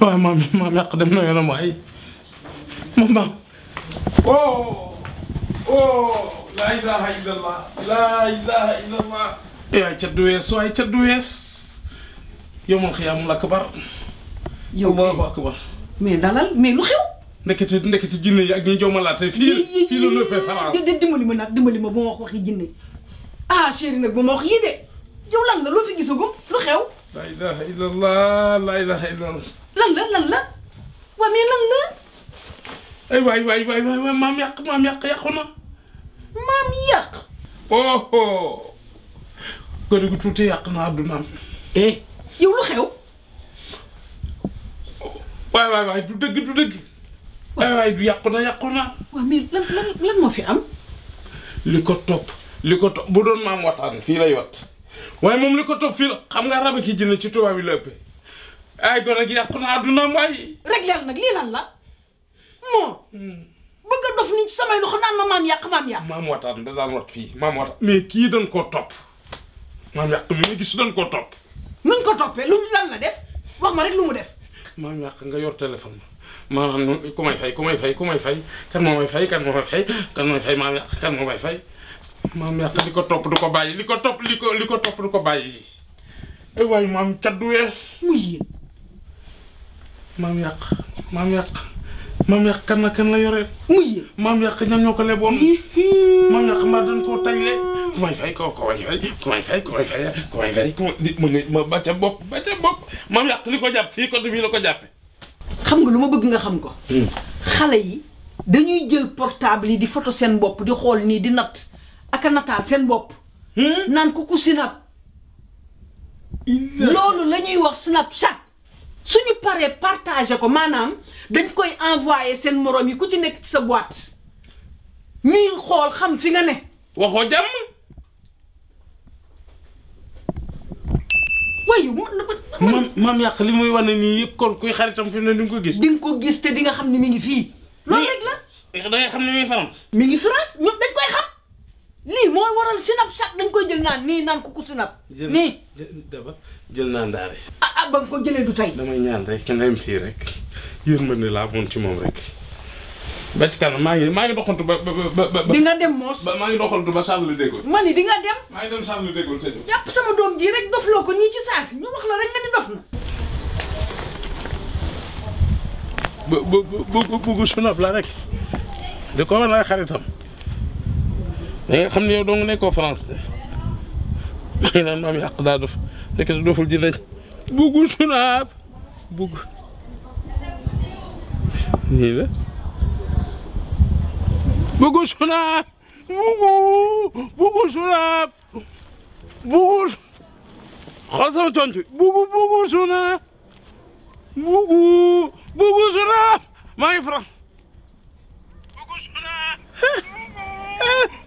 waaye maam maam yàq dem na yoonam waaye moom maam oh oh laa ilaha illallah laa ilaha illallah yaay caddu wees waaye caddu wees yowmal xiyaamul akbar allahu akbar dalal mais lu ndekete ndekete jinne yi ak ñu jomalaate fii fii la léppee France de dimbali ma nag dimbali ma ba ma wax waxi jinne ah chéri nag wax yii de yow lan la loo fi gisagum lu xew la ilaha illallah la ilaha illallah. lan la lan ay waay waay waay maam yàq maam yàq yàqu na. maam yàq. oh oh. gënu gu tuuti yàq na àddunaam. eh yow lu xew. waay waay waay du dëgg du dëgg. waay waay du yàqu na yàqu na. waaw lan lan lan fi am. li ko topp li ko topp bu doon maam wataan fii lay wat. waaye moom li ko topp fii xam nga rab ki jinne ci tubaab yi la ëppee ay gone gi yàqu na àdduna mooy. rek léegi nag lii lan la moom. bëgg a dof ni samay loxo naan ma maam yàq maam yàq. maam wataan da daan wat fii maam wataan. mais kii dañ koo topp maam yàq mi ngi gis dañ koo topp. nuñ ko toppee lu lan la def wax ma rek lu mu def. maam yàq nga yor téléphone maanaam ku may fay ku may fay ku may fay kan moo may fay kan moo may fay maam yàq kan moo may fay. maam yàq li ko topp du ko bàyyi li ko topp li ko li ko topp du ko bàyyi ay waay maam cat du wees muy maam yàq maam yàq maam yàq kan na kan la yore muy maam yàq ñam ñoo ko leboon maam yàq mbaa dañ koo le ku may fay ko ko may fay ku may fay ku may fay ku may fay ku ma ba ca bopp ba ca bopp maam yàq li ko jàpp fii ko bii la ko jàppe xam nga lu ma bëgg nga xam ko hmm. xale yi dañuy jël portable yi di photo seen bopp di xool nii di natt ak nataal seen bopp. Hmm? naan ku ku sinap. loolu la ñuy wax Snapchat suñu paree partagé ko maanaam dañ koy envoyé seen moroom yi ku ci nekk ci sa boîte ñuy xool xam fi nga ne. waxoo jàmm. wayu man maam yàq li muy wane nii yëpp kon kuy xaritam fi ne di nga ko gis. di ko gis te nga xam ni mi ngi fii. loolu rek la. da xam ni mi ngi France. mi France ñoom dañ koy xam. lii mooy waral Snapchat dañ koy jël naan nii naan ko ku Snap. nii jël naa ndaare. ah ah ba ko jëlee du tey. damay ñaan rek ki nga fii rek yërmande laa amoon ci moom rek. ba ci kanam maa ngi maa ngi doxantu ba ba ba. di nga dem moos. ba maa ngi doxantu ma ni di dem. maa ngi dem Saalum déggoo te jàpp sama doom ji rek dofloo ko nii la rek nga ni bu bu bu bu bu Snap la rek. di ko war lay xaritam. li nga xam ne yow doo nga nekkoo France de maa ngi naan maam yi àq daa dof nekk te doful ji nañ buggu sunaab bugg nii la buggu sunaab buggu buggu sunaab buggu xool sama tontu buggu buggu sunaab buggu buggu sunaab maa ngi France buggu sunaab buggu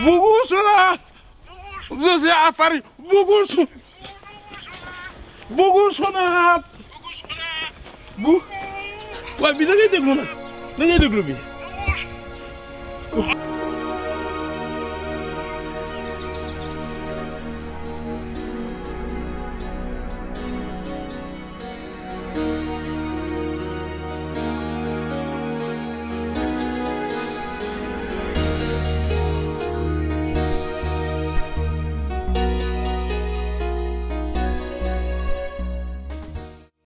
Bougou Zuzi Afari Bugusu Bugusuna Bougou waaye Bougou da ngay déglu nag ngay déglu